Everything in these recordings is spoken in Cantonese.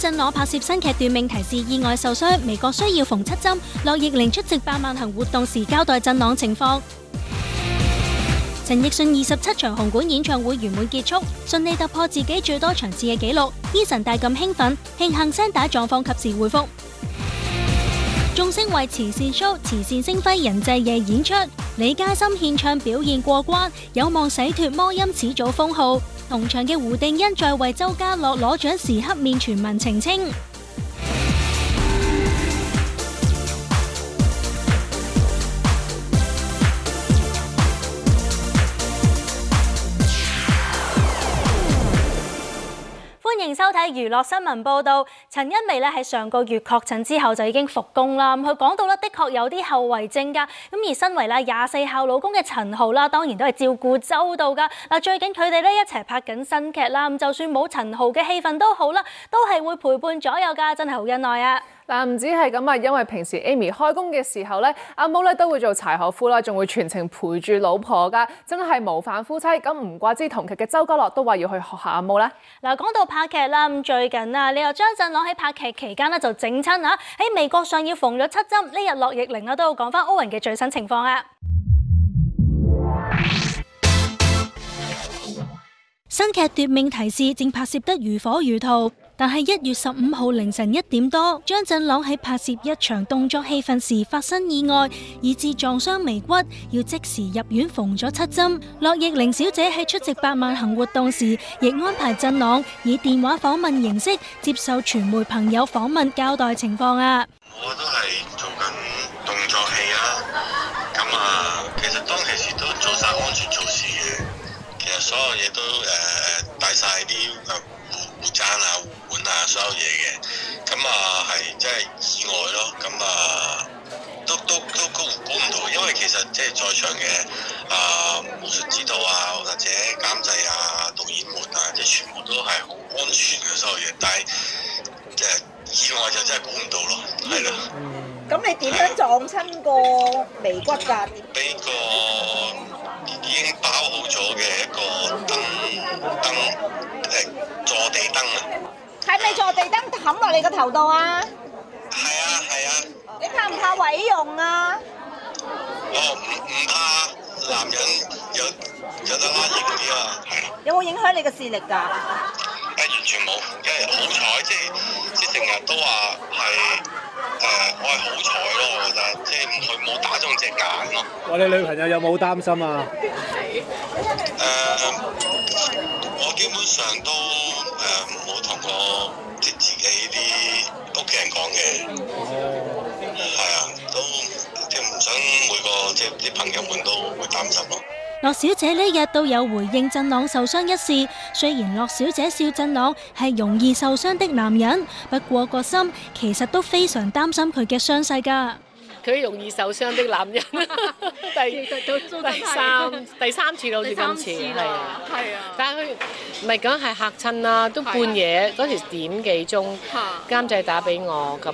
振朗拍攝新劇斷命，提示意外受傷，微國需要縫七針。樂易玲出席百萬行活動時交代振朗情況。陳奕迅二十七場紅館演唱會圓滿結束，順利突破自己最多場次嘅紀錄。Eason 大咁興奮，慶幸聲帶狀況及時回復。眾星為慈善 show、慈善星輝仁濟夜演出，李嘉森獻唱表現過關，有望洗脫魔音始祖封號。同場嘅胡定欣再為周家樂攞獎時，黑面傳聞澄清。收睇娛樂新聞報道，陳茵媺咧喺上個月確診之後就已經復工啦。咁佢講到咧，的確有啲後遺症噶。咁而身為咧廿四孝老公嘅陳豪啦，當然都係照顧周到噶。嗱，最近佢哋咧一齊拍緊新劇啦。咁就算冇陳豪嘅戲份都好啦，都係會陪伴左右噶，真係好恩愛啊！但唔止係咁啊，因為平時 Amy 開工嘅時候咧，阿毛 o 咧都會做柴可夫啦，仲會全程陪住老婆噶，真係模範夫妻。咁唔怪之同劇嘅周嘉洛都話要去學下阿毛啦。嗱，講到拍劇啦，咁最近啊，你又張振朗喺拍劇期間咧就整親啊，喺微博上要縫咗七針。呢日駱亦玲啊，都講翻歐文嘅最新情況啊。新劇《奪命提示》正拍攝得如火如荼。但係一月十五號凌晨一點多，張振朗喺拍攝一場動作戲份時發生意外，以致撞傷眉骨，要即時入院縫咗七針。樂易玲小姐喺出席百萬行活動時，亦安排振朗以電話訪問形式接受傳媒朋友訪問，交代情況啊。我都係做緊動作戲啊，咁啊，其實當其時都做晒安全措施嘅，其實所有嘢都誒帶晒啲。呃.互爭啊，互換啊，啊，所有嘢嘅，咁啊係即係意外咯，咁啊都都都估唔到，因為其實即係在場嘅啊武術指導啊，或者監製啊、導演們啊，即係全部都係好安全嘅所有嘢，但係即係意外就真係估唔到咯，係啦。咁你點樣撞親個眉骨㗎？呢個已經包好咗嘅一個燈燈，誒，坐地燈啊！係咪坐地燈冚落你個頭度啊？係啊係啊！你怕唔怕毀容啊？哦，唔唔怕，男人有有得拉型啲啊，係。有冇影響你嘅視力㗎？不、哎、完全冇，因為好彩，即係即成日都話係誒，我係好彩咯，我覺得，即係佢冇打中隻眼咯。哋、哦、女朋友有冇擔心啊？誒、呃，我基本上都誒冇同過即自己啲。啲朋友們都會擔心咯。樂小姐呢日都有回應振朗受傷一事。雖然樂小姐笑振朗係容易受傷的男人，不過個心其實都非常擔心佢嘅傷勢噶。佢容易受傷的男人， 第， 到第三 第三次啦，好似今次，係啊，但係佢唔係講係嚇親啦，都半夜嗰時點幾鐘，啊、監製打俾我，咁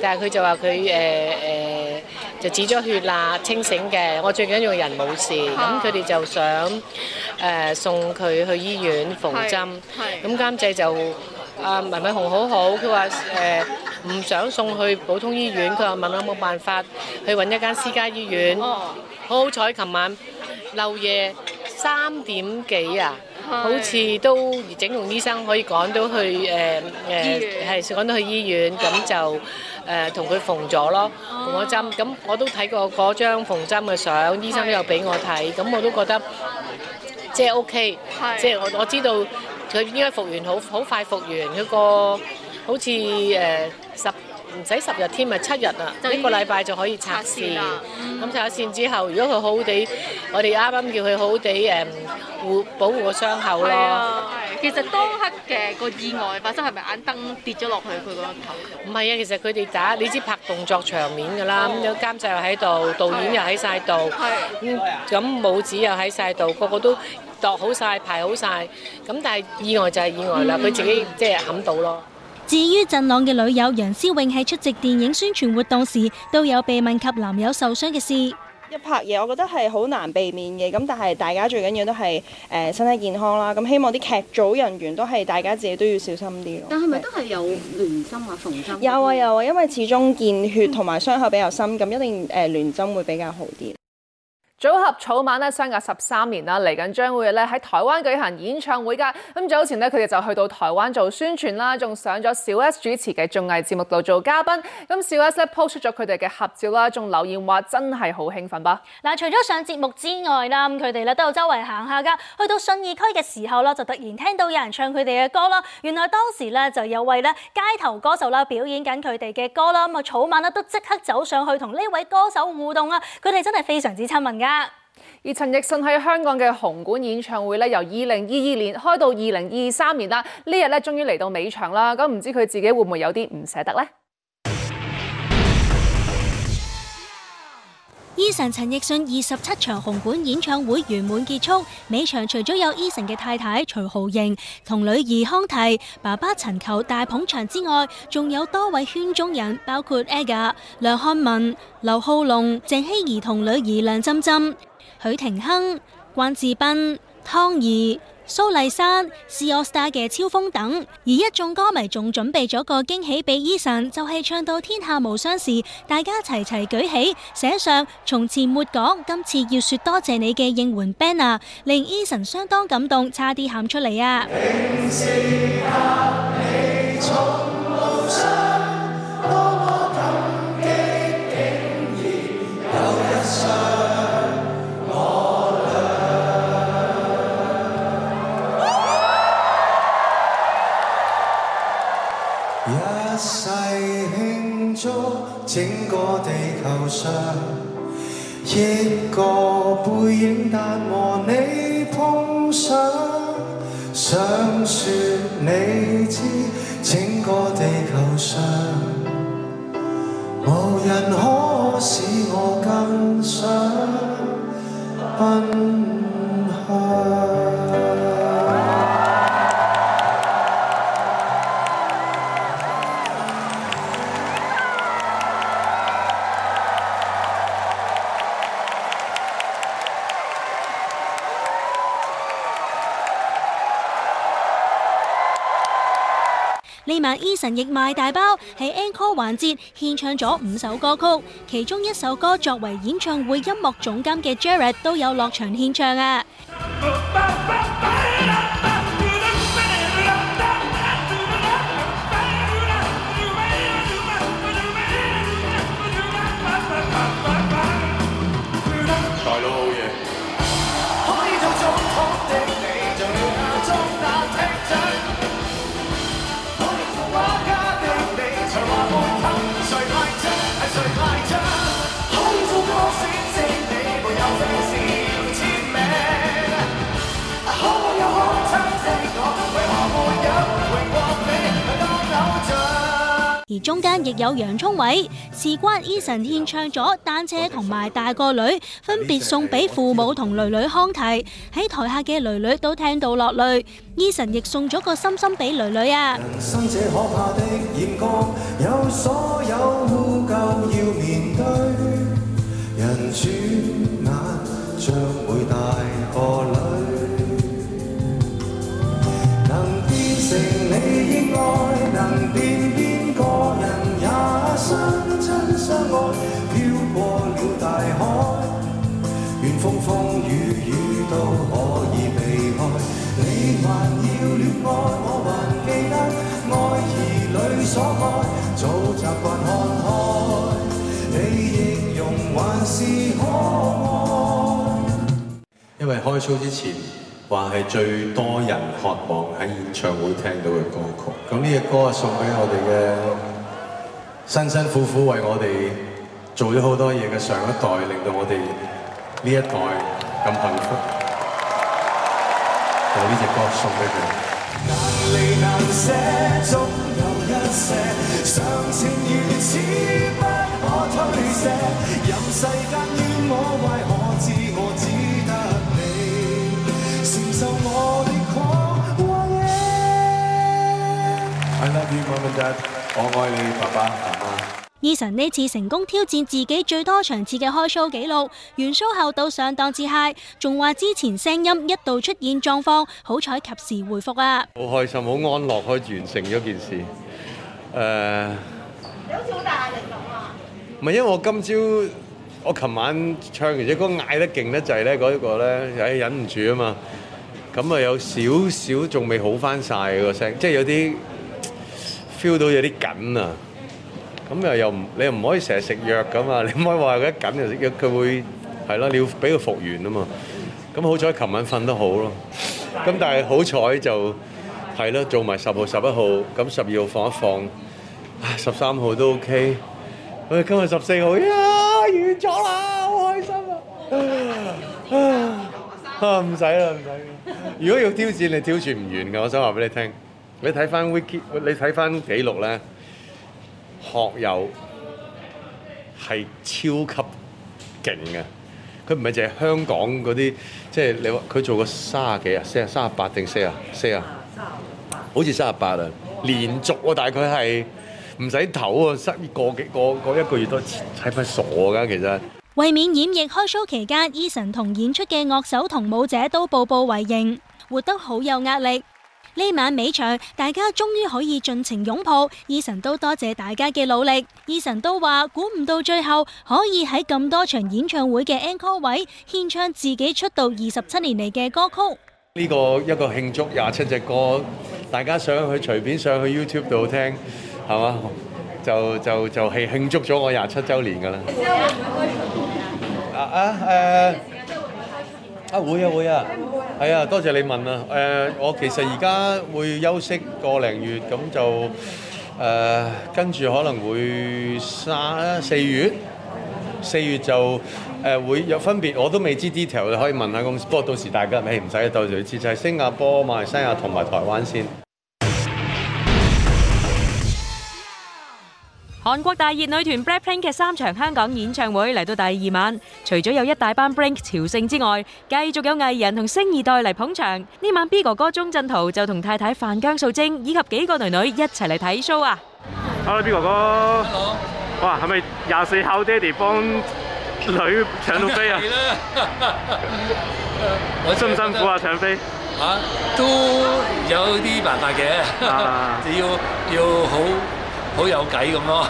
但係佢就話佢誒誒就止咗血啦，清醒嘅，我最緊要人冇事，咁佢哋就想誒、呃、送佢去醫院縫針，咁、啊啊、監製就。啊，雯雯紅好好，佢話誒唔想送去普通醫院，佢話問我有冇辦法去揾一間私家醫院。好好彩，琴晚漏夜三點幾啊，好似都整容醫生可以趕到去誒誒，係趕到去醫院，咁就誒同佢縫咗咯，縫咗針。咁我都睇過嗰張縫針嘅相，醫生都有俾我睇，咁我都覺得即係 OK，即係我我知道。佢應該復原好，好快復原。佢個好似誒十唔使十日添，咪七日啊，呢個禮拜就可以拆線。咁拆咗線之後，如果佢好好地，我哋啱啱叫佢好好地誒護保護個傷口咯。啊、其實當刻嘅個意外發生係咪眼燈跌咗落去佢個頭？唔係啊，其實佢哋打，你知拍動作場面㗎啦，咁、哦、監製又喺度，導演又喺晒度，咁武、嗯、指又喺晒度，個個都。度好晒，排好晒，咁但係意外就係意外啦，佢、嗯、自己即係冚到咯。至於振朗嘅女友楊思穎喺出席電影宣傳活動時，都有被問及男友受傷嘅事。一拍嘢，我覺得係好難避免嘅，咁但係大家最緊要都係誒身體健康啦。咁希望啲劇組人員都係大家自己都要小心啲囉。但係咪都係有聯針啊，縫針、啊？有啊有啊，因為始終見血同埋傷口比較深，咁一定誒聯針會比較好啲。組合草蜢咧相隔十三年啦，嚟緊將會咧喺台灣舉行演唱會㗎。咁早前咧佢哋就去到台灣做宣傳啦，仲上咗小 S 主持嘅綜藝節目度做嘉賓。咁小 S post 出咗佢哋嘅合照啦，仲留言話真係好興奮噃。嗱，除咗上節目之外啦，咁佢哋咧都有周圍行下噶。去到信義區嘅時候啦，就突然聽到有人唱佢哋嘅歌啦。原來當時咧就有位咧街頭歌手啦表演緊佢哋嘅歌啦。咁啊草蜢咧都即刻走上去同呢位歌手互動啊。佢哋真係非常之親民噶。而陳奕迅喺香港嘅紅館演唱會咧，由二零二二年開到二零二三年啦，這天呢日咧終於嚟到尾場啦。咁唔知佢自己會唔會有啲唔捨得呢？Eason 陳奕迅二十七場紅館演唱會圓滿結束，尾場除咗有 Eason 嘅太太徐濠縈同女兒康堤，爸爸陳裘大捧場之外，仲有多位圈中人，包括 Aga、梁漢文、劉浩龍、鄭希怡同女兒梁浸浸、許廷鏗、關智斌、湯怡。蘇麗珊、Star 嘅《超風等》，而一眾歌迷仲準備咗個驚喜俾 Eason，就係唱到天下無雙時，大家齊齊舉起寫上“從前沒講，今次要說多謝你”嘅應援 banner，令 Eason 相當感動，差啲喊出嚟啊！平時，整個地球上，一個背影，但和你碰上，想說你知。整個地球上，無人可使我更想奔。嗯嗯萬 Eason 亦賣大包，喺 Encore 環節獻唱咗五首歌曲，其中一首歌作為演唱會音樂總監嘅 Jarrett 都有落場獻唱啊！中間亦有洋蔥位，事關 Eason 獻唱咗《單車》同埋《大個女》，分別送俾父母同囡囡康提，喺台下嘅囡囡都聽到落淚，Eason 亦送咗個心心俾囡囡啊！相親相愛，飄過了大海，願風風雨雨都可以避開，你還要戀愛，我還記得愛兒女所愛，早習慣看開，你形容還是可愛。因為開 show 之前，話係最多人渴望喺演唱會聽到嘅歌曲。咁呢隻歌係送俾我哋嘅。辛辛苦苦為我哋做咗好多嘢嘅上一代，令到我哋呢一代咁幸福，就呢隻歌送俾佢。我愛你，爸爸爸爸。Eason 呢次成功挑戰自己最多場次嘅開 show 紀錄，完 show 後到上檔節軌，仲話之前聲音一度出現狀況，好彩及時回復啊！好開心，好安樂，去完成咗件事。誒、uh，你好似好大壓力咁啊！唔係因為我今朝我琴晚唱完隻歌嗌得勁得滯咧，嗰一個咧唉、哎、忍唔住啊嘛，咁啊有少少仲未好翻曬個聲，即係有啲。feel 到有啲緊啊，咁又又唔，你又唔可以成日食藥噶嘛，你唔可以話佢一緊就食藥，佢會係咯，你要俾佢復原啊嘛。咁好彩琴晚瞓得好咯，咁但係好彩就係咯，做埋十號、十一號，咁十二號放一放，十三號都 OK。喂，今日十四號，呀完咗啦，好開心啊！啊唔使啦，唔使。如果要挑戰你挑戰唔完嘅，我想話俾你聽。你睇翻 Wiki，你睇翻記錄咧，學友係超級勁嘅。佢唔係淨係香港嗰啲，即係你話佢做過三啊幾啊，四啊，三啊八定四啊，四啊，好似三啊八啊。連續喎、啊，大概係唔使唞喎，失業、啊、個幾個一個,一個月都睇不是傻噶、啊。其實為免染疫，開 show 期間，Eason 同演出嘅樂手同舞者都步步為營，活得好有壓力。呢晚尾場，大家終於可以盡情擁抱，Eason 都多謝大家嘅努力。Eason 都話，估唔到最後可以喺咁多場演唱會嘅 encore 位，獻唱自己出道二十七年嚟嘅歌曲。呢、這個一個慶祝廿七隻歌，大家上去隨便上去 YouTube 度聽，係嘛？就就就係慶祝咗我廿七週年㗎啦。啊啊誒！ uh, uh, 啊會啊會啊，係啊，啊，多謝你問啊。誒、呃，我其實而家會休息個零月，咁就誒跟住可能會三四,四月，四月就誒、呃、會有分別。我都未知 detail，你可以問下公司。不過到時大家咪唔使到時知，就係、就是、新加坡、馬來西亞同埋台灣先。韓國大熱女團 Blackpink 嘅三場香港演唱會嚟到第二晚，除咗有一大班 Blink 朝聖之外，繼續有藝人同星二代嚟捧場。呢晚 B 哥哥鍾鎮濤就同太太范姜素貞以及幾個女女一齊嚟睇 show 啊！Hello，B 哥哥。Hello。哇，係咪廿四孝爹哋幫女搶到飛啊？辛 唔是、啊、 我 answers  辛苦啊？搶飛？啊，都有啲辦法嘅， 要要好。好有計咁咯！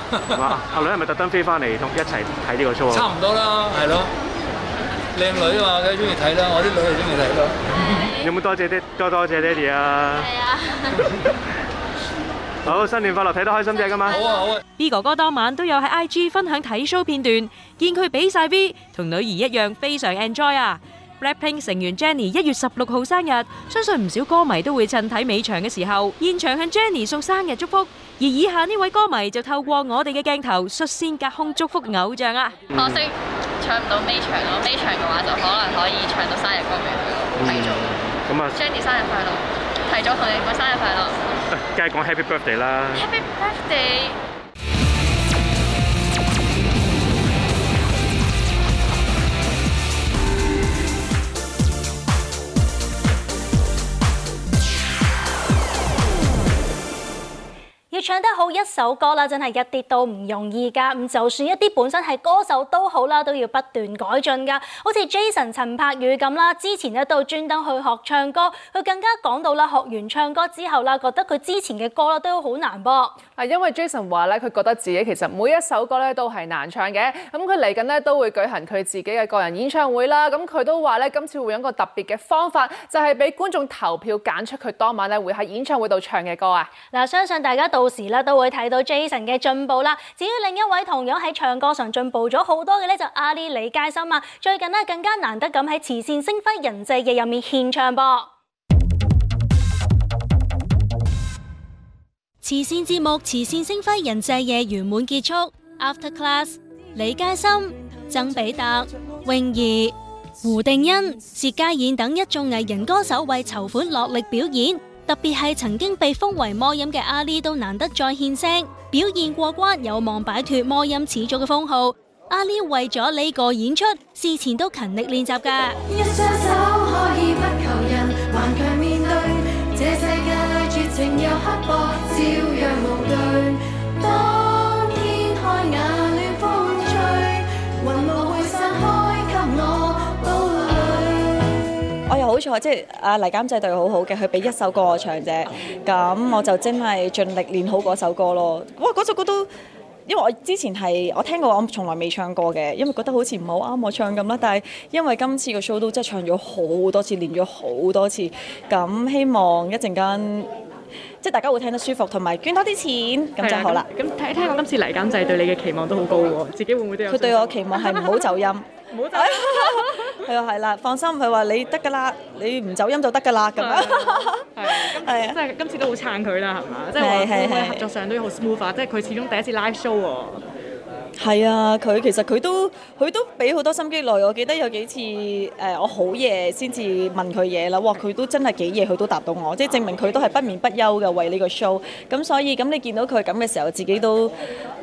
阿女係咪特登飛翻嚟同一齊睇呢個 show 啊？差唔多啦，係咯，靚女嘛，梗係中意睇啦。我啲女都中意睇咯。有冇多謝爹哋？多多謝爹哋啊！係啊！ 好，新年快樂，睇得開心啲㗎嘛！好啊好啊！B 哥哥當晚都有喺 IG 分享睇 show 片段，見佢畀晒 V，同女兒一樣非常 enjoy 啊！BLACKPINK 成員 JENNIE 一月十六號生日，相信唔少歌迷都會趁睇尾場嘅時候，現場向 JENNIE 送生日祝福。而以下呢位歌迷就透過我哋嘅鏡頭，率先隔空祝福偶像啦。可惜唱唔到尾場咯，尾場嘅話就可能可以唱到生日歌俾佢。咁啊，JENNIE 生日快樂！提早同你過生日快樂。梗係講 Happy Birthday 啦！Happy Birthday！要唱得好一首歌啦，真係一啲都唔容易噶。咁就算一啲本身係歌手都好啦，都要不斷改進噶。好似 Jason 陳柏宇咁啦，之前咧都專登去學唱歌，佢更加講到啦，學完唱歌之後啦，覺得佢之前嘅歌啦都好難噃。因為 Jason 話咧，佢覺得自己其實每一首歌咧都係難唱嘅。咁佢嚟緊咧都會舉行佢自己嘅個人演唱會啦。咁佢都話咧，今次會用一個特別嘅方法，就係俾觀眾投票揀出佢當晚咧會喺演唱會度唱嘅歌啊。嗱，相信大家都。到時啦，都會睇到 Jason 嘅進步啦。至於另一位同樣喺唱歌上進步咗好多嘅咧，就阿麗李佳芯啊。最近呢，更加難得咁喺慈善星輝仁濟夜入面獻唱噃。慈善節目《慈善星輝仁濟夜》圓滿結束。After Class，李佳芯、曾比特、泳兒、胡定欣、薛家燕等一眾藝人歌手為籌款落力表演。特別係曾經被封為魔音嘅阿 l e 都難得再獻聲，表現過關，有望擺脫魔音始祖嘅封號。阿 l e 為咗呢個演出，事前都勤力練習噶。即係阿黎監製對佢好好嘅，佢俾一首歌我唱啫，咁我就真係盡力練好嗰首歌咯。哇，嗰首歌都，因為我之前係我聽過，我從來未唱過嘅，因為覺得好似唔好啱我唱咁啦。但係因為今次個 show 都真係唱咗好多次，練咗好多次，咁希望一陣間。即係大家會聽得舒服，同埋捐多啲錢咁就好啦。咁聽聽講今次嚟監製對你嘅期望都好高喎，自己會唔會都有？佢對我期望係唔好走音，唔 好走音。係啊，係啦，放心，佢話你得㗎啦，你唔走音就得㗎啦咁樣。係 啊，真係、啊、今， 今，次 今次都好撐佢啦，係嘛？即係話合作上都要好 smooth 啊， 即係佢始終第一次 live show 係啊！佢其實佢都佢都俾好多心機落。我記得有幾次誒、呃，我好夜先至問佢嘢啦。哇！佢都真係幾夜，佢都答到我，即係證明佢都係不眠不休嘅為呢個 show。咁所以咁你見到佢咁嘅時候，自己都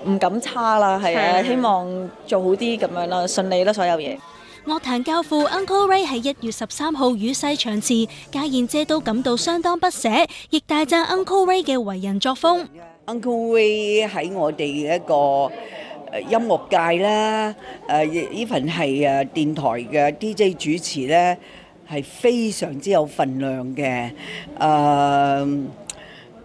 唔敢差啦。係啊，希望做好啲咁樣啦，順利啦，所有嘢。樂壇教父 Uncle Ray 喺一月十三號與世長辭，家燕姐都感到相當不捨，亦大讚 Uncle Ray 嘅為人作風。Uncle Ray 喺我哋一個。誒音樂界啦，誒依份係誒電台嘅 DJ 主持咧，係非常之有份量嘅，誒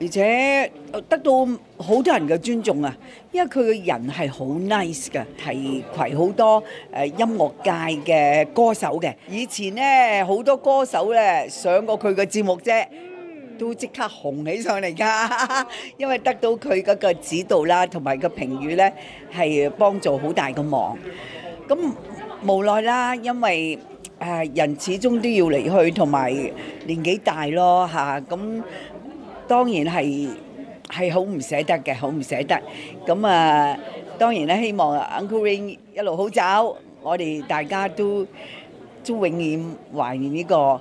而且得到好多人嘅尊重啊。因為佢嘅人係好 nice 嘅，提攜好多誒音樂界嘅歌手嘅，以前咧好多歌手咧上過佢嘅節目啫。都即刻紅起上嚟㗎，因為得到佢嗰個指導啦，同埋個評語咧係幫助好大嘅忙。咁無奈啦，因為啊人始終都要離去，同埋年紀大咯嚇。咁當然係係好唔捨得嘅，好唔捨得。咁啊當然咧，希望 Uncle Ring 一路好走。我哋大家都都永遠懷念呢個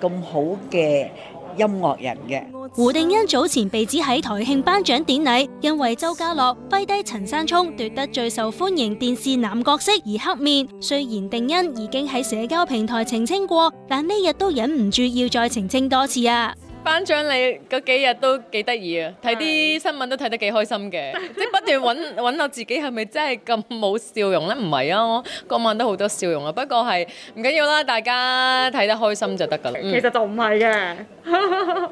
咁好嘅音樂人嘅。胡定欣早前被指喺台慶頒獎典禮，因為周家樂揮低陳山聰奪得最受歡迎電視男角色而黑面。雖然定欣已經喺社交平台澄清過，但呢日都忍唔住要再澄清多次啊！班長你嗰幾日都幾得意啊，睇啲新聞都睇得幾開心嘅，即係不斷揾揾我自己係咪真係咁冇笑容咧？唔係啊，我個晚都好多笑容啊。不過係唔緊要啦，大家睇得開心就得㗎啦。其實就唔係嘅，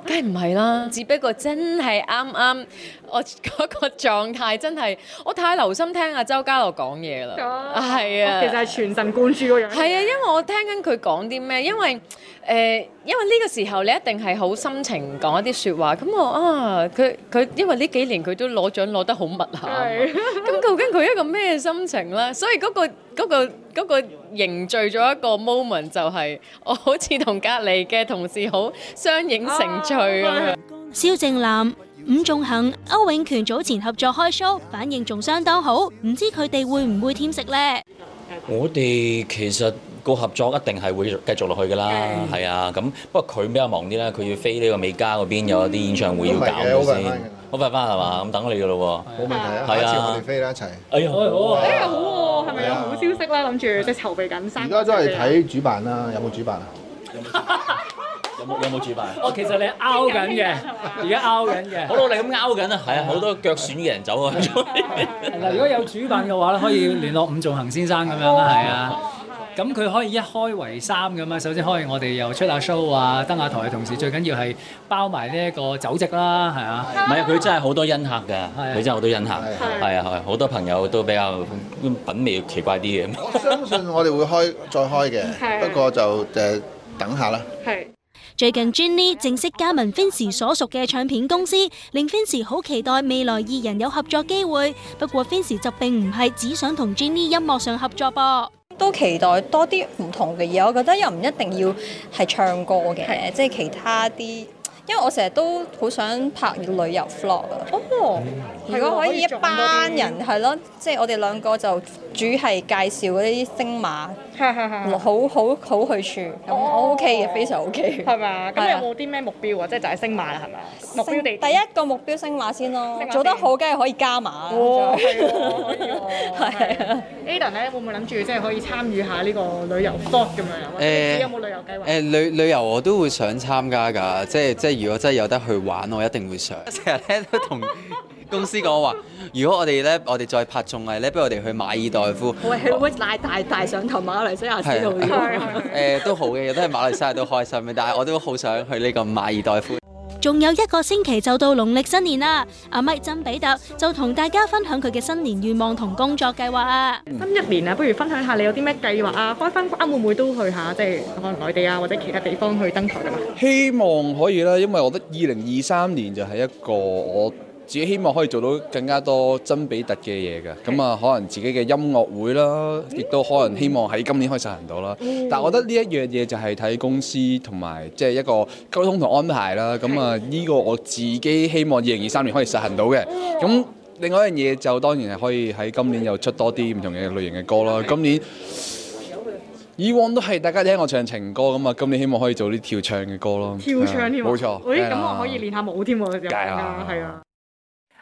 梗係唔係啦。只不過真係啱啱我嗰個狀態真係我太留心聽阿周家樂講嘢啦，係啊，其實係全神貫注嗰樣。係啊，因為我聽緊佢講啲咩，因為。誒，因為呢個時候你一定係好心情講一啲説話，咁我啊，佢佢因為呢幾年佢都攞獎攞得好密啊，咁究竟佢一個咩心情呢？所以嗰個嗰個嗰個凝聚咗一個 moment 就係我好似同隔離嘅同事好相映成趣啊！蕭正楠、伍仲衡、歐永權早前合作開 show，反應仲相當好，唔知佢哋會唔會添食呢？我哋其實。個合作一定係會繼續落去㗎啦，係啊，咁不過佢比較忙啲啦，佢要飛呢個美加嗰邊，嗯，有一啲演唱會要搞，先，好快翻係嘛？咁等你㗎咯喎，冇問題啊，係啊，我哋飛啦一齊。哎呀，哎呀好喎，係、哎、咪、哎哎哎哎哎、有好消息啦？諗住即係籌備緊。而家都係睇主辦啦，有冇主辦啊？有冇有冇主辦？哦，其實你拗緊嘅，而家拗緊嘅，好努力咁拗緊啊！係啊，好多腳損嘅人走啊。嗱，如果有主辦嘅話咧，可以聯絡伍仲恒先生咁樣啦，係啊。咁佢可以一開為三咁嘛。首先可以，我哋又出下 show 啊，登下台嘅同時，最緊要係包埋呢一個酒席啦，係啊，唔係佢真係好多恩客㗎，佢、啊、真係好多恩客，係啊，啊，啊，啊，好多朋友都比較品味奇怪啲嘅。我相信我哋會開 再開嘅，不過就、啊、就等下啦。係、啊、最近 Jenny 正式加盟 Vincy 所屬嘅唱片公司，令 Vincy 好期待未來二人有合作機會。不過 Vincy 就並唔係只想同 Jenny 音樂上合作噃。都期待多啲唔同嘅嘢，我覺得又唔一定要係唱歌嘅，即係、就是、其他啲。因為我成日都好想拍旅遊 vlog 啊！哦、嗯，如果可以一班人係咯，即係、就是、我哋兩個就主係介紹嗰啲星馬， 好好好去處。咁我 OK 嘅，非常 OK。係咪？咁有冇啲咩目標啊？即係就係、是、星馬啦，係咪？目標地。第一個目標是星馬先咯，做得好，梗係可以加碼啦。哦，係、哦哦 哦、啊。啊、Aden 咧會唔會諗住即係可以參與下呢個旅遊 vlog 咁、呃、樣有冇旅遊計劃？誒、呃呃、旅旅遊我都會想參加㗎，即係、嗯、即係。嗯即如果真係有得去玩，我一定會想。成日咧都同公司講話，如果我哋咧，我哋再拍綜藝咧，不如我哋去馬爾代夫。喂我會唔會賴大大上頭馬來西亞做嘢、呃？都好嘅，都係馬來西亞都開心嘅， 但係我都好想去呢個馬爾代夫。仲有一個星期就到農曆新年啦！阿麥珍比特就同大家分享佢嘅新年願望同工作計劃啊！今一年啊，不如分享下你有啲咩計劃啊？開返關，會唔會都去下，即係可能內地啊或者其他地方去登台噶嘛？希望可以啦，因為我覺得二零二三年就係一個我。自己希望可以做到更加多真比特嘅嘢嘅，咁啊可能自己嘅音樂會啦，亦、嗯、都可能希望喺今年可以實行到啦。嗯、但係我覺得呢一樣嘢就係睇公司同埋即係一個溝通同安排啦。咁啊呢個我自己希望二零二三年可以實行到嘅。咁、嗯、另外一樣嘢就當然係可以喺今年又出多啲唔同嘅類型嘅歌啦。嗯、今年、嗯、以往都係大家聽我唱情歌咁啊，今年希望可以做啲跳唱嘅歌咯，跳唱添冇錯，咦咁我，我可以練下舞添喎，就係啊。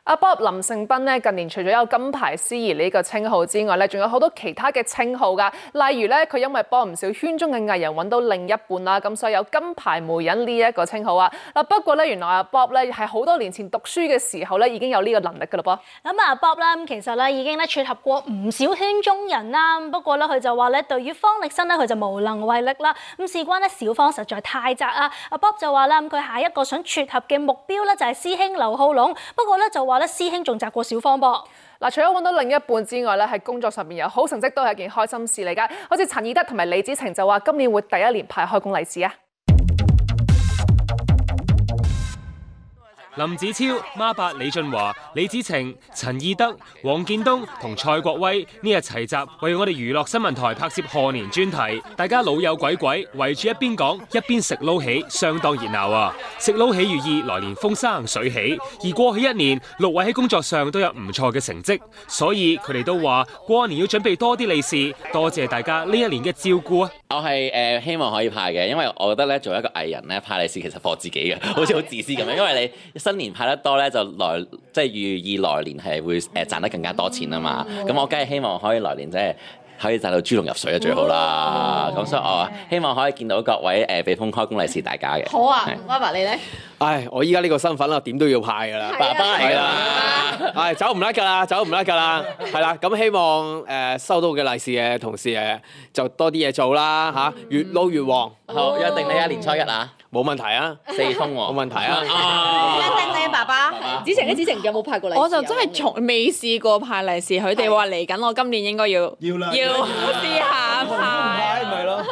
阿 Bob 林盛斌咧，近年除咗有金牌司儀呢個稱號之外咧，仲有好多其他嘅稱號噶，例如咧，佢因為幫唔少圈中嘅藝人揾到另一半啦，咁所以有金牌媒人呢一個稱號啊。嗱，不過咧，原來阿 Bob 咧，係好多年前讀書嘅時候咧已經有呢個能力噶咯噃。咁、啊、阿 Bob 咧，咁其實咧，已經咧撮合過唔少圈中人啦。不過咧，佢就話咧，對於方力申咧，佢就無能為力啦。咁事關咧，小方實在太窄啊。阿 Bob 就話啦，咁佢下一個想撮合嘅目標咧，就係師兄劉浩龍。不過咧就話。話咧師兄仲砸過小方噃。嗱，除咗搵到另一半之外咧，喺工作上面有好成績都係一件開心事嚟㗎。好似陳以德同埋李子晴就話，今年會第一年派開工利是啊！林子超、媽爸李俊華、李子晴、陳義德、黃建東同蔡國威呢日齊集，為我哋娛樂新聞台拍攝賀年專題。大家老友鬼鬼圍住一邊講一邊食撈起，相當熱鬧啊！食撈起寓意來年風生水起。而過去一年，六位喺工作上都有唔錯嘅成績，所以佢哋都話過年要準備多啲利是，多謝大家呢一年嘅照顧啊！我係誒、呃、希望可以派嘅，因為我覺得咧做一個藝人咧派利是其實禍自己嘅，好似好自私咁樣，因為你。新年派得多咧，就來即係寓意來年係會、呃、賺得更加多錢啊嘛！咁、哦、我梗係希望可以來年即係可以賺到豬籠入水啊，最好啦！咁、哦哦、所以我希望可以見到各位誒、呃、被封開工利是大家嘅。好啊，阿爸你咧？唉，我依家呢個身份啦，點都要派㗎啦，爸爸嚟啦、啊， 走唔甩㗎啦，走唔甩㗎啦，係 啦、啊。咁希望、呃、收到嘅利是嘅同事誒，就多啲嘢做啦吓、嗯啊，越撈越旺。好，約定你一年初一啊！哦冇問題啊，四封喎，冇問題啊。阿爸爸，子晴咧、啊，子晴、啊、有冇派過利是、啊？我就真係從未試過派利是，佢哋話嚟緊，我今年應該要要啦，要試下派咪咯。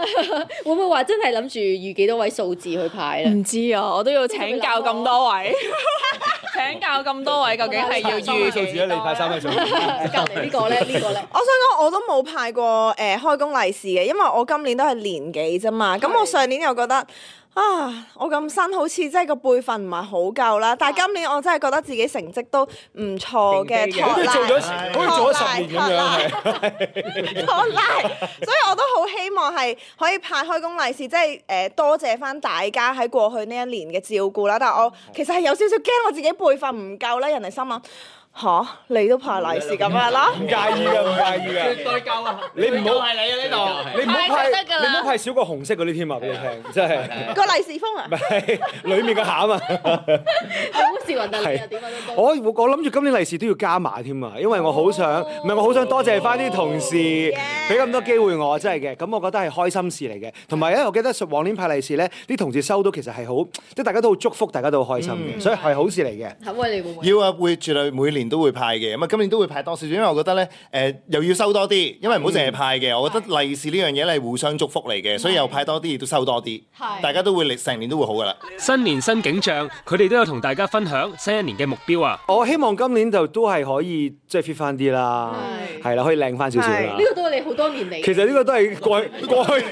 會唔會話真係諗住預幾多位數字去派咧？唔 知啊，我都要請教咁多位。 請教咁多位，究竟係要預幾多？ 數字你派三位數字、啊。呢個咧，呢個咧。我想講我都冇派過誒開工利是嘅，因為我今年都係年紀啫嘛。咁我上年又覺得。啊！我咁新，好似即係個輩份唔係好夠啦。但係今年我真係覺得自己成績都唔錯嘅，拖拉拖拉拖拉，所以我都好希望係可以派開工利是，即係誒多謝翻大家喺過去呢一年嘅照顧啦。但係我其實係有少少驚我自己輩份唔夠啦，人哋心諗。嚇！你都派利是咁樣啦？唔介意噶，唔介意噶，絕對夠啊！你唔好係你啊呢度，你唔好派，你唔好派少過紅色嗰啲添啊！俾你聽，真係個利是封啊！唔係裡面個餡啊！好事啊！你啊，點解都我我諗住今年利是都要加碼添啊！因為我好想唔係我好想多謝翻啲同事俾咁多機會我，真係嘅。咁我覺得係開心事嚟嘅。同埋咧，我記得上往年派利是咧，啲同事收到其實係好即係大家都好祝福，大家都好開心嘅，所以係好事嚟嘅。係餵你會要啊會絕對每年年都會派嘅，咁啊今年都會派多少少？因為我覺得咧，誒又要收多啲，因為唔好淨係派嘅。我覺得利是呢樣嘢咧係互相祝福嚟嘅，所以又派多啲，亦都收多啲。係，大家都會成年都會好㗎啦。新年新景象，佢哋都有同大家分享新一年嘅目標啊！我希望今年就都係可以即係 fit 翻啲啦，係啦，可以靚翻少少啦。呢個都係你好多年嚟。其實呢個都係過過去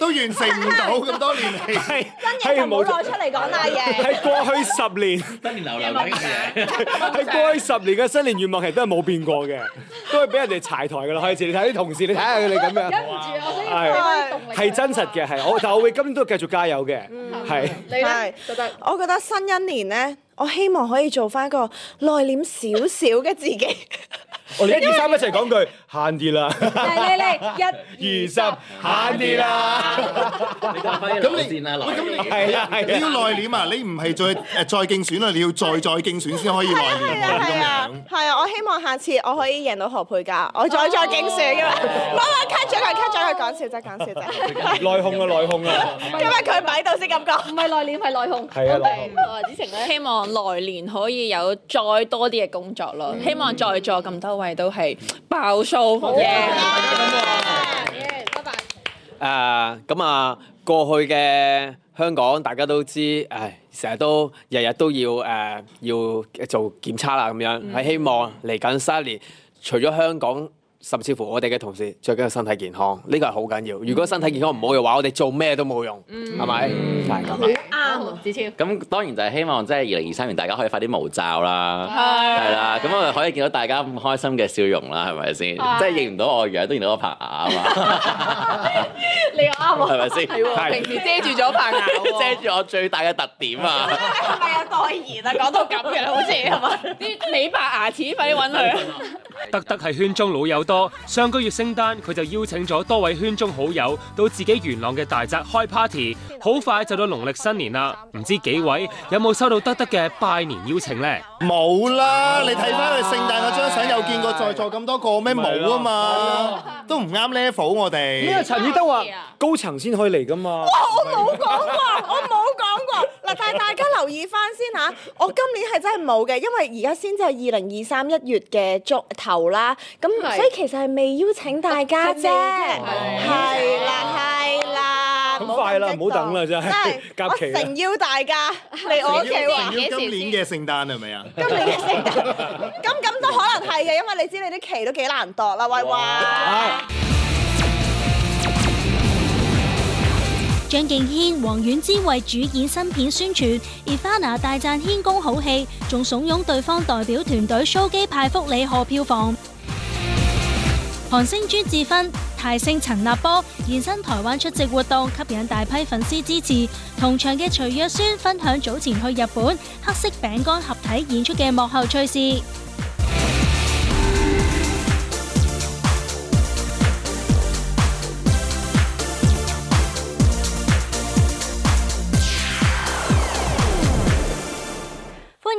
都完成唔到咁多年嚟。係真嘅，我冇再出嚟講大嘢。係過去十年，年年留留底嘅。過去 十年嘅新年願望其實都係冇變過嘅，都係俾人哋柴台噶啦開始。你睇啲同事，你睇下佢哋咁樣，係係真實嘅，係 我，但係我會今年都繼續加油嘅。係、嗯、你咧？ 我覺得新一年咧，我希望可以做翻一個內斂少少嘅自己。 我哋一、二、三一齊講句，慳啲啦！嚟嚟嚟，一、二、三，慳啲啦！李家輝，咁你內斂啊？內，咁你係啊係啊？你要內斂啊？你唔係再誒再競選啊？你要再再競選先可以內斂啊咁樣。係啊係啊係啊！係啊！我希望下次我可以贏到何佩嘉。我再再競選啊！唔好唔好，cut 咗佢，cut 咗佢，講笑啫講笑啫。內訌啊內訌啊！因為佢喺度先咁講。唔係內斂係內訌。係啊內訌。希望來年可以有再多啲嘅工作咯，希望在座咁多位。都係爆數，好嘢！咁喎，拜拜。誒，咁啊，yeah, yeah, bye bye uh, that, uh, 過去嘅香港大家都知，誒，成日都日日都要誒，uh, 要做檢測啦，咁樣係、mm-hmm. 希望嚟緊三年，除咗香港，甚至乎我哋嘅同事最緊要身體健康，呢、這個係好緊要。如果身體健康唔好嘅話，我哋做咩都冇用，係、嗯、咪？係咁啊，啱，子超。咁當然就係希望即係二零二三年大家可以快啲毛罩啦，係啦，咁我哋可以見到大家咁開心嘅笑容啦，係咪先？即係認唔到我樣都認到我拍牙啊嘛， 你又啱喎，係咪先？平時遮住咗拍牙， 遮住我最大嘅特點啊！係咪啊，代言啊，講到咁嘅好似係嘛？啲美白牙齒費搵佢，德德係圈中老友多。 上個月聖誕，佢就邀請咗多位圈中好友到自己元朗嘅大宅開 party，好快就到農曆新年啦。唔知幾位有冇收到得得嘅拜年邀請呢？冇啦，你睇翻佢聖誕嗰張相，有見過在座咁多個咩？冇啊嘛，都唔啱 level 我哋。咩啊？陳以德話高層先可以嚟噶嘛？哇，我冇講話，我冇講。 嗱，但係大家留意翻先嚇，我今年係真係冇嘅，因為而家先至係二零二三一月嘅初頭啦，咁所以其實係未邀請大家啫，係啦係啦，咁 快啦，唔好等啦 真係是， 我成邀大家嚟我屋企喎， 誠要 今年嘅聖誕係咪啊？今年嘅聖誕，咁 咁是的 都可能係嘅，因為你知你啲期都幾難度啦， 哇！哎張敬軒、王菀之為主演新片宣傳，Ivana 大讚軒公好戲，仲慫恿對方代表團隊蘇基派福利賀票房。韓星朱智勳、泰星陳立波現身台灣出席活動，吸引大批粉絲支持。同場嘅徐若瑄分享早前去日本黑色餅乾合體演出嘅幕後趣事。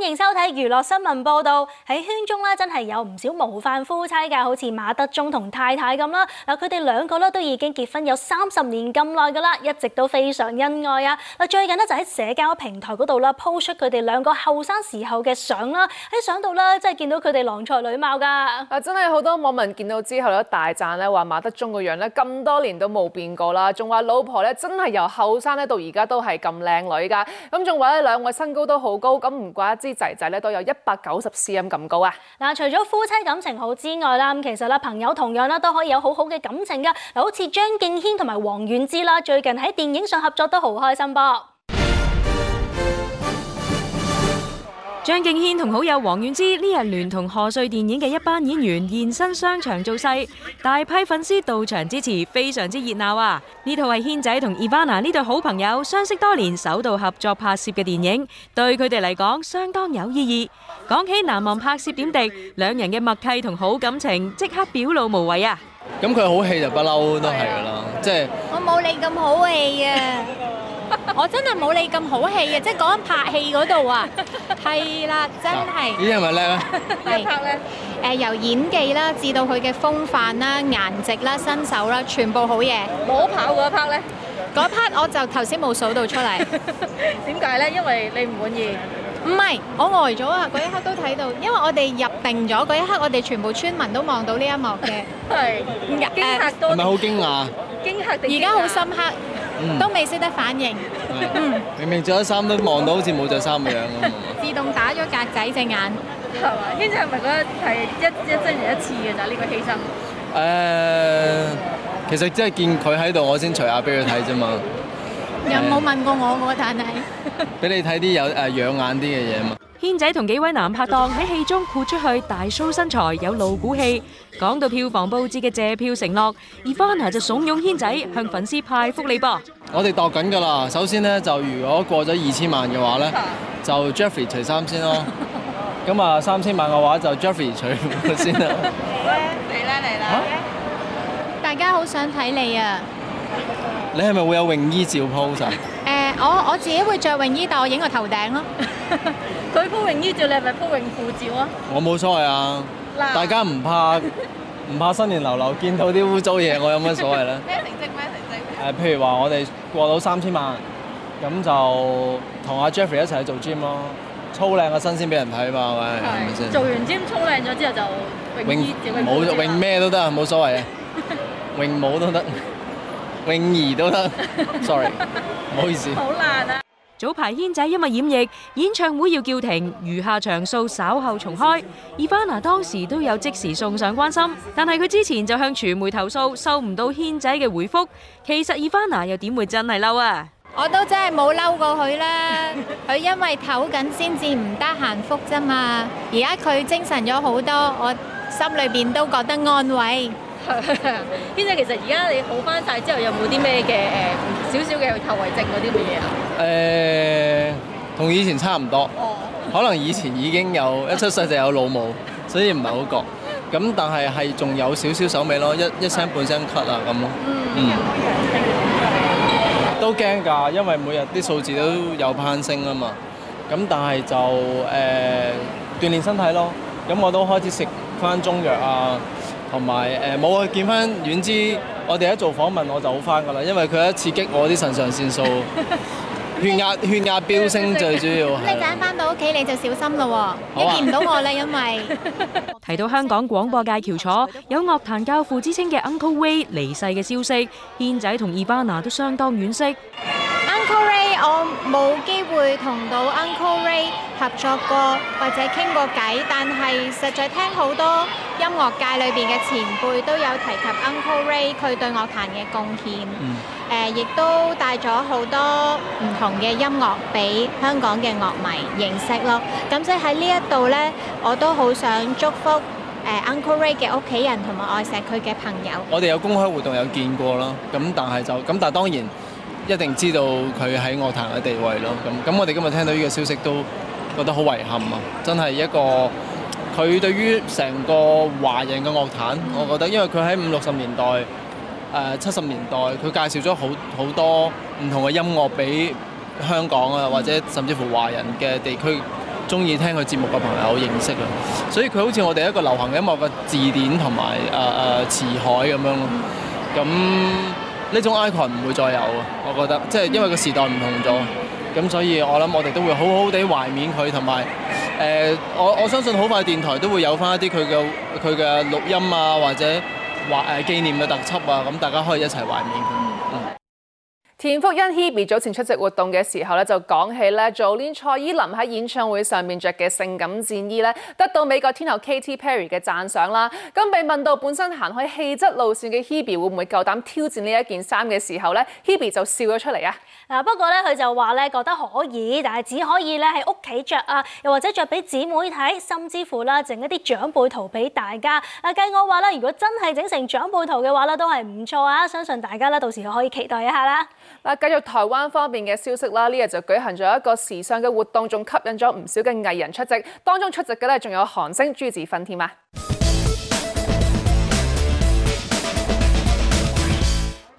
歡迎收睇娛樂新聞報道，喺圈中咧真係有唔少模範夫妻㗎，好似馬德鐘同太太咁啦。嗱，佢哋兩個咧都已經結婚有三十年咁耐㗎啦，一直都非常恩愛啊。嗱，最近呢，就喺社交平台嗰度啦 po 出佢哋兩個後生時候嘅相啦，喺相度咧真係見到佢哋郎才女貌㗎。嗱，真係好多網民見到之後咧大讚咧，話馬德鐘個樣咧咁多年都冇變過啦，仲話老婆咧真係由後生咧到而家都係咁靚女㗎。咁仲話咧兩位身高都好高，咁唔怪之。仔仔咧都有一百九十 CM 咁高啊！嗱，除咗夫妻感情好之外啦，咁其實咧朋友同樣咧都可以有好好嘅感情噶。嗱，好似張敬軒同埋王菀之啦，最近喺電影上合作都好開心噃。張敬軒同好友王菀之呢日聯同賀歲電影嘅一班演員現身商場造勢，大批粉絲到場支持，非常之熱鬧啊！呢套係軒仔同 Ivana 呢對好朋友相識多年，首度合作拍攝嘅電影，對佢哋嚟講相當有意義。講起難忘拍攝點滴，兩人嘅默契同好感情即刻表露無遺啊！咁佢好戲就不嬲都係噶啦，即係我冇你咁好戲啊！ 我真係冇你咁好戲嘅，即係講緊拍戲嗰度啊，係啦，真係。咦，係咪叻咧？嗰一 part 咧，誒由演技啦，至到佢嘅風範啦、顏值啦、身手啦，全部好嘢。冇跑嗰 part 咧，嗰 part 我就頭先冇數到出嚟。點解咧？因為你唔滿意。唔係，我呆咗啊！嗰一刻都睇到，因為我哋入定咗嗰一刻，我哋全部村民都望到呢一幕嘅。係驚嚇都唔係好驚訝？驚嚇定而家好深刻。嗯、都未識得反應，嗯、明明着咗衫都望到好似冇着衫嘅樣咁。 自動打咗格仔隻眼，係嘛？跟住係咪覺得係一一星期一次嘅？就呢個犧牲？誒，其實即係見佢喺度，我先除下俾佢睇啫嘛。有冇問過我喎、啊，但係俾 你睇啲有誒養、uh, 眼啲嘅嘢嘛。軒仔同幾位男拍檔喺戲中豁出去，大騷身材有露股戲。講到票房布置嘅借票承諾，而 f u a 就慫恿軒仔向粉絲派福利噃。我哋度緊㗎喇，首先呢，就如果過咗二千萬嘅話咧，就 Jeffy 除衫先咯。咁 啊，三千萬嘅話就 Jeffy 除先 啦。你咧？你咧？嚟啦！大家好想睇你啊！ 你係咪會有泳衣照 po 晒、啊？誒、 呃，我我自己會着泳衣，但我影個頭頂咯、啊。 佢敷泳衣照，你係咪敷泳褲照啊？我冇所謂啊！嗱，大家唔怕唔怕新年流流見到啲污糟嘢，我有乜所謂咧？咩成績咩成績？誒，譬如話我哋過到三千萬，咁就同阿 Jeffery 一齊做 Gym 咯，操靚個身先俾人睇嘛，係咪？係。做完 Gym 操靚咗之後就泳衣泳泳咩都得，冇所謂啊！泳帽都得，泳衣都得。Sorry，唔好意思。好難啊！早排軒仔因為染疫，演唱會要叫停，餘下場數稍後重開。伊花娜當時都有即時送上關心，但係佢之前就向傳媒投訴收唔到軒仔嘅回覆。其實伊花娜又點會真係嬲啊？我都真係冇嬲過佢啦，佢因為唞緊先至唔得閒覆啫嘛。而家佢精神咗好多，我心裏邊都覺得安慰。咁 即係其實而家你好翻晒之後，有沒有什麼的？有冇啲咩嘅誒少少嘅後遺症嗰啲乜嘢啊？誒、呃，同以前差唔多，哦，可能以前已經有一出世就有老母， 所以唔係好覺。咁但係係仲有少少手尾咯，一一聲半聲咳啊咁咯。嗯。都驚㗎，因為每日啲數字都有攀升啊嘛。咁但係就誒、呃、鍛鍊身體咯。咁我都開始食翻中藥啊。同埋誒冇啊！見翻婉芝，我哋一做訪問我就好翻噶啦，因為佢一次刺激我啲腎上腺素。 血壓血壓飆升最主要。咁你陣翻到屋企你就小心咯喎，你見唔到我咧，因為，因為提到香港廣播界翹楚、有樂壇教父之稱嘅 Uncle Ray 離世嘅消息，軒仔同二班娜都相當惋惜。Uncle Ray，我冇機會同到 Uncle Ray 合作過或者傾過偈，但係實在聽好多音樂界裏面嘅前輩都有提及 Uncle Ray 佢對樂壇嘅貢獻。嗯誒，亦都帶咗好多唔同嘅音樂俾香港嘅樂迷認識咯。咁所以喺呢一度呢，我都好想祝福誒 Uncle Ray 嘅屋企人同埋愛錫佢嘅朋友。我哋有公開活動有見過咯，咁但係就咁，但係當然一定知道佢喺樂壇嘅地位咯。咁咁，我哋今日聽到呢個消息都覺得好遺憾啊！真係一個佢對於成個華人嘅樂壇，我覺得因為佢喺五六十年代。誒七十年代，佢介紹咗好好多唔同嘅音樂俾香港啊，或者甚至乎華人嘅地區中意聽佢節目嘅朋友認識啦。所以佢好似我哋一個流行音樂嘅字典同埋誒誒詞海咁樣咯。咁呢種 icon 唔會再有啊，我覺得，即係因為個時代唔同咗。咁所以，我諗我哋都會好好地懷緬佢，同埋誒我我相信好快電台都會有翻一啲佢嘅佢嘅錄音啊，或者。懷誒紀念嘅特輯啊，咁大家可以一齊懷念。田馥甄 Hebe 早前出席活動嘅時候咧，就講起咧早年蔡依林喺演唱會上面着嘅性感戰衣咧，得到美國天后 Katy Perry 嘅讚賞啦。咁被問到本身行開氣質路線嘅 Hebe 會唔會夠膽挑戰呢一件衫嘅時候咧，Hebe 就笑咗出嚟啊！嗱，不過咧佢就話咧覺得可以，但係只可以咧喺屋企着啊，又或者着俾姊妹睇，甚至乎啦整一啲長輩圖俾大家。嗱、啊，計我話啦，如果真係整成長輩圖嘅話咧，都係唔錯啊！相信大家咧到時候可以期待一下啦。嗱，繼續台灣方面嘅消息啦，呢日就舉行咗一個時尚嘅活動，仲吸引咗唔少嘅藝人出席。當中出席嘅咧，仲有韓星朱智芬添啊，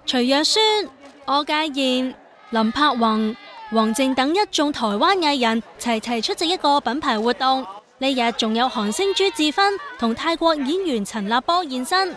徐若瑄、柯佳嬿、林柏宏、王淨等一眾台灣藝人齊齊出席一個品牌活動。呢日仲有韓星朱智芬同泰國演員陳立波現身。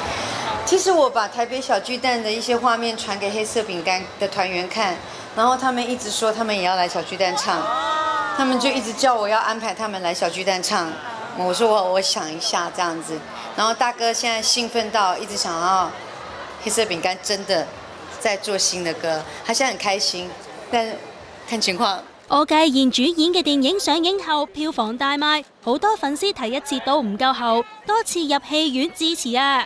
其實我把台北小巨蛋的一些畫面傳給黑色餅乾的團員看，然後他們一直說他們也要來小巨蛋唱，他們就一直叫我要安排他們來小巨蛋唱。我說我我想一下這樣子，然後大哥現在興奮到一直想要、哦、黑色餅乾真的在做新的歌，他現在很開心，但看情況。我計現主演嘅電影上映後票房大賣，好多粉絲睇一次都唔夠，後多次入戲院支持啊。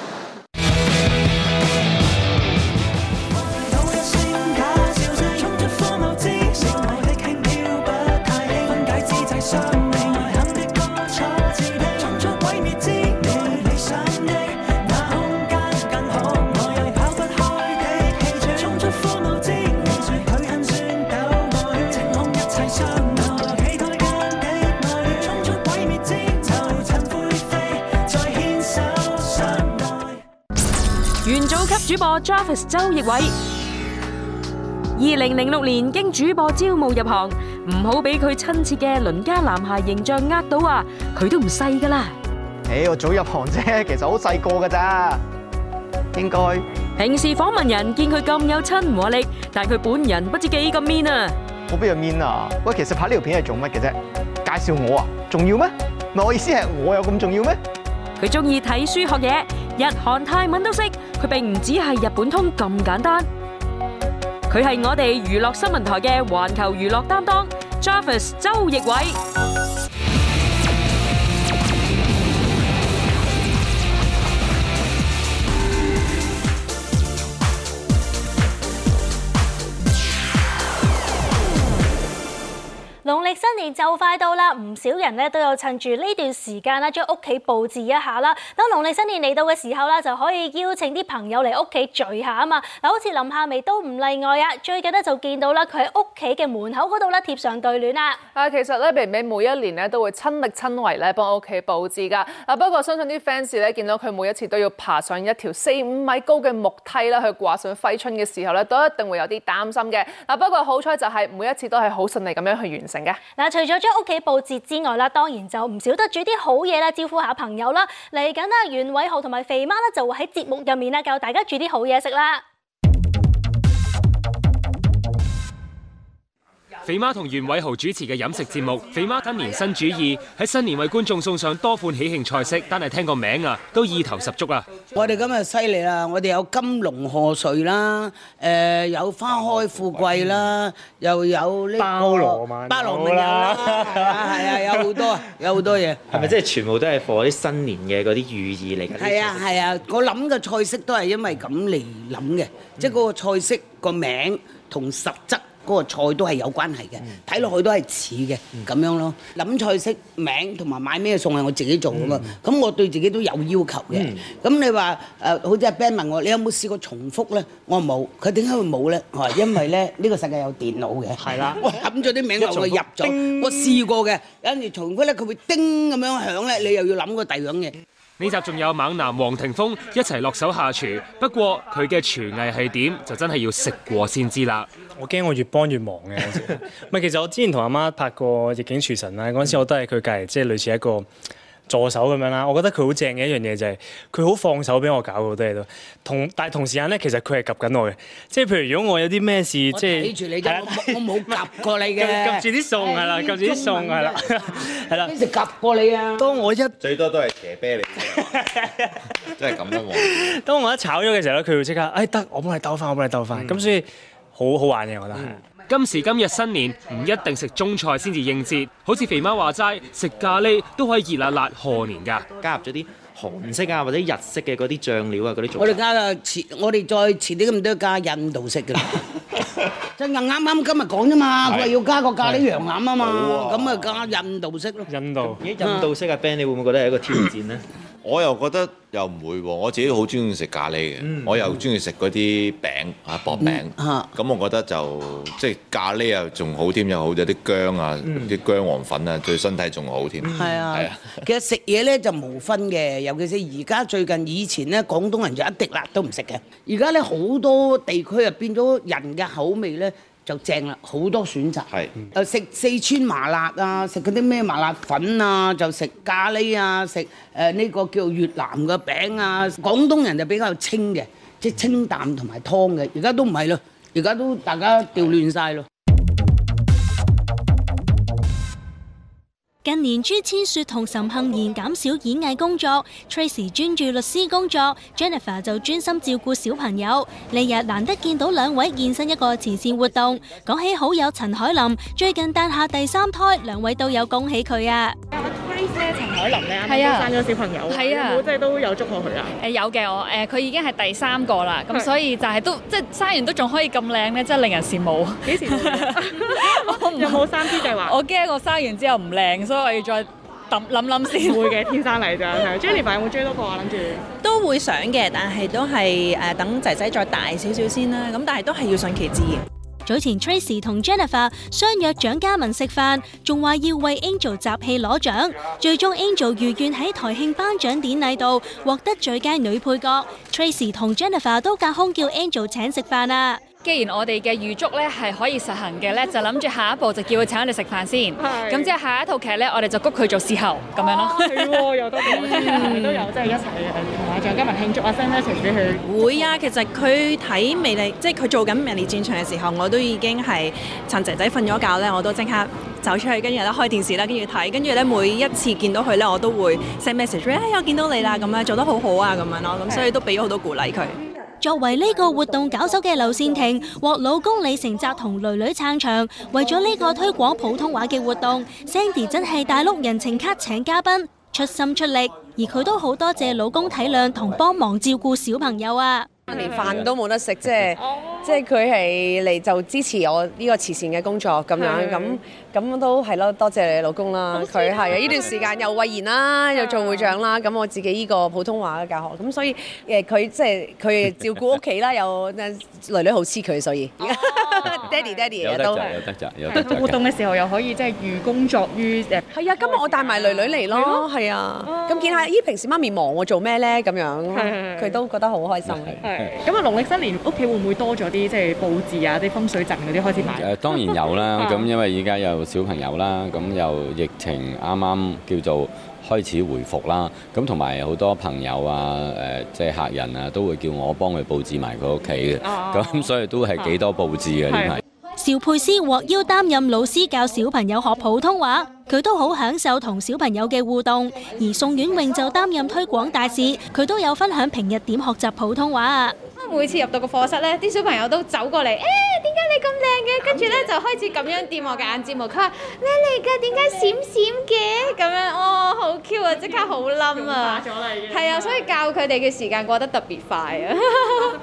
主播 Joffre 周奕偉，二零零六年經主播招募入行，唔好俾佢親切嘅鄰家男孩形象呃到啊，佢都唔細噶啦。誒，我早入行啫，其實好細個噶咋，應該。平時訪問人見佢咁有親和力，但係佢本人不知幾咁 mean 啊。好邊個 mean 啊？喂，其實拍呢條片係做乜嘅啫？介紹我啊？重要咩？唔係我意思係我有咁重要咩？佢中意睇書學嘢，日韓泰文都識。佢並唔只係日本通咁簡單，佢係我哋娛樂新聞台嘅環球娛樂擔當，Jarvis 周奕偉。新年就快到啦，唔少人咧都有趁住呢段時間啦，將屋企佈置一下啦。等農曆新年嚟到嘅時候咧，就可以邀請啲朋友嚟屋企聚下啊嘛。嗱，好似林夏薇都唔例外啊。最近咧就見到啦，佢喺屋企嘅門口嗰度咧貼上對聯啦。啊，其實咧，明明每一年咧都會親力親為咧幫屋企佈置噶。嗱，不過相信啲 fans 咧見到佢每一次都要爬上一條四五米高嘅木梯咧，去掛上揮春嘅時候咧，都一定會有啲擔心嘅。嗱，不過好彩就係每一次都係好順利咁樣去完成嘅。除咗將屋企佈置之外啦，當然就唔少得煮啲好嘢，招呼下朋友。嚟緊，袁偉豪同埋肥媽就會喺節目入面教大家煮啲好嘢食啦。肥媽同袁偉豪主持嘅飲食節目，肥媽今年新主意喺新年為觀眾送上多款喜慶菜式，但係聽個名啊，都意頭十足啊！我哋今日犀利啦，我哋有金龍賀歲啦，誒有花開富貴啦，又有呢個包羅萬象啦，係啊，有好多，有好多嘢。係咪即係全部都係放啲新年嘅嗰啲寓意嚟㗎？係啊係啊，我諗嘅菜式都係因為咁嚟諗嘅，即係嗰個菜式個名同實質。嗰、那個菜都係有關係嘅，睇落去都係似嘅咁樣咯。諗菜式名同埋買咩餸係我自己做嘅嘛，咁、嗯、我對自己都有要求嘅。咁、嗯、你話誒、呃，好似阿 Ben 問我，你有冇試過重複咧？我冇。佢點解會冇咧？我話因為咧，呢 個世界有電腦嘅。係啦。我揼咗啲名落入咗，我試過嘅，有陣重複咧，佢會叮咁樣響咧，你又要諗個第二樣嘢。呢集仲有猛男王廷鋒一齊落手下廚，不過佢嘅廚藝係點，就真係要食過先知啦。我驚我越幫越忙嘅，唔 係，其實我之前同阿媽拍過《逆境廚神》啦，嗰陣時我都係佢隔籬，即係類似一個。助手咁樣啦，我覺得佢好正嘅一樣嘢就係佢好放手俾我搞好多嘢咯。我同但係同時間咧，其實佢係夾緊我嘅。即係譬如如果我有啲咩事，即係睇住你，我冇夾過你嘅，夾住啲餸係啦，夾住啲餸係啦，係啦，幾時夾過你啊？當我一最多都係斜啤嚟嘅，真係咁啦喎。當我一炒咗嘅時候咧，佢會即刻， 哎得，我幫你兜翻，我幫你兜翻。咁、嗯、所以好好玩嘅，我覺得係。嗯今時今日新年唔一定食中菜先至應節，好似肥媽話齋，食咖喱都可以熱辣辣賀年㗎。加入咗啲韓式啊，或者日式嘅嗰啲醬料啊，嗰啲做。我哋加啊，我哋再遲啲咁多加印度式㗎喇。正啊，啱啱今日講啫嘛，佢話要加個咖喱羊腩啊嘛，咁啊加印度式咯。印度咦？印度式啊，Ben，、嗯、你會唔會覺得係一個挑戰呢？ 我又覺得又唔會喎，我自己好中意食咖喱嘅，嗯、我又中意食嗰啲餅啊薄餅，咁、嗯、我覺得就即係咖喱又仲好添，又好咗啲薑啊，嗯、啲薑黃粉啊，對身體仲好添。係、嗯、啊，係啊其實食嘢咧就無分嘅，尤其是而家最近，以前咧廣東人就一滴辣都唔食嘅，而家咧好多地區啊變咗人嘅口味咧。就正啦，好多選擇。係誒，食四川麻辣啊，食嗰啲咩麻辣粉啊，就食咖喱啊，食誒呢個叫越南嘅餅啊。廣東人就比較清嘅，即係清淡同埋湯嘅。而家都唔係咯，而家都大家調亂晒咯。近年朱千雪同岑杏賢減少演藝工作，Tracy 專注律師工作，Jennifer 就專心照顧小朋友。呢日難得見到兩位現身一個慈善活動。講起好友陳凱琳，最近誕下第三胎，兩位都有恭喜佢啊！我恭喜陳凱琳啊，佢生咗小朋友，即係都有祝賀佢啊！誒，有嘅我，誒、呃，佢已經係第三個啦，咁所以就係都即係生完都仲可以咁靚咧，真係令人羨慕。幾時有？有冇生子計劃？我驚我生完之後唔靚。所以我要再諗諗先會嘅，天生嚟就係。 Jennifer 有冇追多個啊？諗住都會想嘅，但係都係誒等仔仔再大少少先啦。咁但係都係要順其自然。早前 Tracey 同 Jennifer 相約蔣嘉文食飯，仲話要為 Angel 集氣攞獎。 最終 Angel 如願喺台慶頒獎典禮度獲得最佳女配角。 Tracey 同 Jennifer 都隔空叫 Angel 請食飯啦。既然我哋嘅預祝咧係可以實行嘅咧，就諗住下一步就叫佢請我哋食飯先。咁即係下一套劇咧，我哋就谷佢做視后咁樣咯。係、啊、喎、哦，又多啲， 都有即係一齊同阿蔣家旻慶祝阿 send message 俾佢。會啊，其實佢睇美麗，即係佢做緊《美麗戰場》嘅時候，我都已經係陳仔仔瞓咗覺咧，我都即刻走出去跟住咧開電視啦，跟住睇，跟住咧每一次見到佢咧，我都會 send message 咧，我見到你啦，咁樣做得好好啊，咁樣咯，咁所以都俾咗好多鼓勵佢。作為呢個活動搞手嘅劉善婷，獲老公李承澤同女女撐場，為咗呢個推廣普通話嘅活動，Sandy 真係大碌人情卡請嘉賓，出心出力，而佢都好多謝老公體諒同幫忙照顧小朋友啊。連飯都冇得食，即係、oh. 即係佢係嚟就支持我呢個慈善嘅工作咁樣，咁咁都係咯，多謝你老公啦，佢係啊呢段時間又慧賢啦，又做會長啦，咁我自己呢個普通話嘅教學，咁所以誒佢、欸、即係佢照顧屋企啦，又 女女好黐佢，所以、oh. 爹哋爹哋都得得得，活動嘅時候又可以即係寓工作於誒，係啊，今日我帶埋女女嚟咯，係啊，咁見下咦，平時媽咪忙我做咩咧咁樣，佢都覺得好開心。咁啊，農曆新年屋企會唔會多咗啲即係布置啊，啲風水陣嗰啲開始買？誒，當然有啦。咁 因為依家有小朋友啦，咁又疫情啱啱叫做開始回復啦。咁同埋好多朋友啊，即、呃、係、即係、客人啊，都會叫我幫佢布置埋佢屋企嘅。咁、啊、所以都係幾多布置嘅呢排。啊邵佩斯獲邀擔任老師教小朋友學普通話，佢都好享受同小朋友嘅互動。而宋婉穎就擔任推廣大使，佢都有分享平日點學習普通話啊。每次入到個課室咧，啲小朋友都走過嚟，誒點解你咁靚嘅？跟住咧就開始咁樣掂我嘅眼睫毛。佢話：咩嚟㗎，點解閃閃嘅？咁樣哦，好 Q 啊！即刻好冧啊！化咗喇已經。係啊，所以教佢哋嘅時間過得特別快啊！嗯、哦，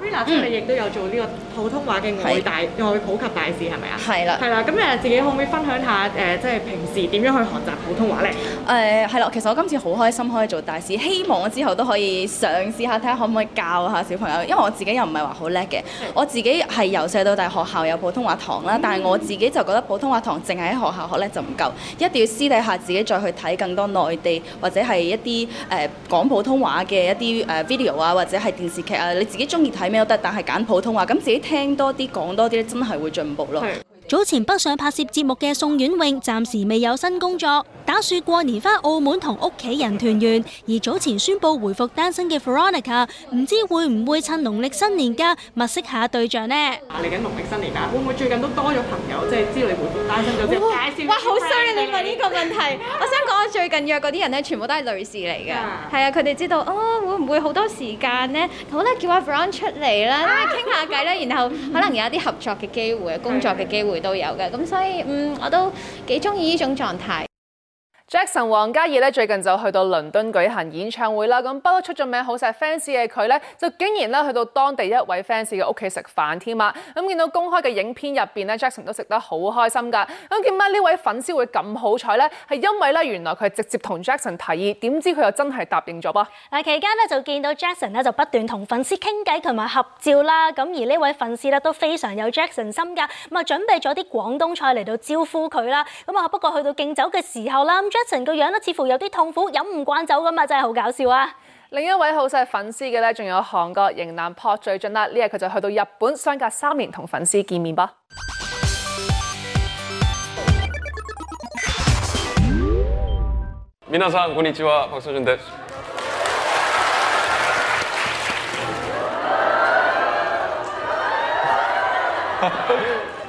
你亦都有做呢個普通話嘅大使，用嚟普及嘅，係咪啊？係喇，係喇。噉你自己可唔可以分享下，即係平時點樣去學習普通話咧？嗯、呃。係喇，其實我今次好開心可以做大使，希望我之後都可以嘗試下，睇下可唔可以教下小朋友。因為我自己……又唔係話好叻嘅，我自己係由細到大學校有普通話堂啦、嗯，但係我自己就覺得普通話堂淨係喺學校學咧就唔夠，一定要私底下自己再去睇更多內地或者係一啲誒、呃、講普通話嘅一啲誒、呃、video 啊，或者係電視劇啊，你自己中意睇咩都得，但係揀普通話咁自己聽多啲，講多啲咧，真係會進步咯。嗯。早前北上拍攝節目嘅宋婉穎暫時未有新工作，打算過年翻澳門同屋企人團圓。而早前宣布回復單身嘅 Veronica 唔知會唔會趁農曆新年假物色下對象呢？嚟緊農曆新年假，會唔會最近都多咗朋友？即係知道你回復單身，咗介紹哇，好衰、啊！你問呢個問題， 我想講我最近約嗰啲人咧，全部都係女士嚟噶。係 啊，佢哋、啊、知道哦，會唔會好多時間呢？好啦，叫阿 Brown 出嚟啦，傾、啊、下偈啦， 然後可能有一啲合作嘅機會、 工作嘅機會。都有嘅，咁所以嗯，我都幾中意呢種狀態。Jackson 王嘉爾咧，最近就去到倫敦舉行演唱會啦，咁不過出咗名好晒 fans 嘅佢咧，就竟然咧去到當地一位 fans 嘅屋企食飯添啊！咁見到公開嘅影片入邊咧，Jackson 都食得好開心噶。咁點解呢位粉絲會咁好彩咧？係因為咧，原來佢直接同 Jackson 提議，點知佢又真係答應咗噃。嗱，期間咧就見到 Jackson 咧就不斷同粉絲傾偈，同埋合照啦。咁而呢位粉絲咧都非常有 Jackson 心噶，咁啊準備咗啲廣東菜嚟到招呼佢啦。咁啊，不過去到敬酒嘅時候啦，一成個樣都似乎有啲痛苦，飲唔慣酒咁啊，真係好搞笑啊！另一位好錫粉絲嘅咧，仲有韓國型男朴最俊啦，呢日佢就去到日本相隔三年同粉絲見面噃。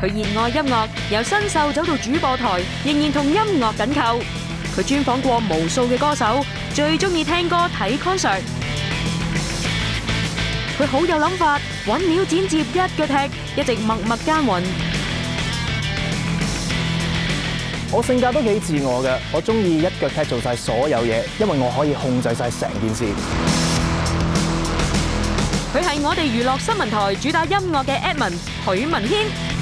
佢熱愛音樂，由新秀走到主播台，仍然同音樂緊扣。佢專訪過無數嘅歌手，最中意聽歌睇 concert。佢好有諗法，搵料剪接一腳踢，一直默默耕耘。我性格都幾自我嘅，我中意一腳踢做晒所有嘢，因為我可以控制晒成件事。佢係我哋娛樂新聞台主打音樂嘅 Edmond 許文軒。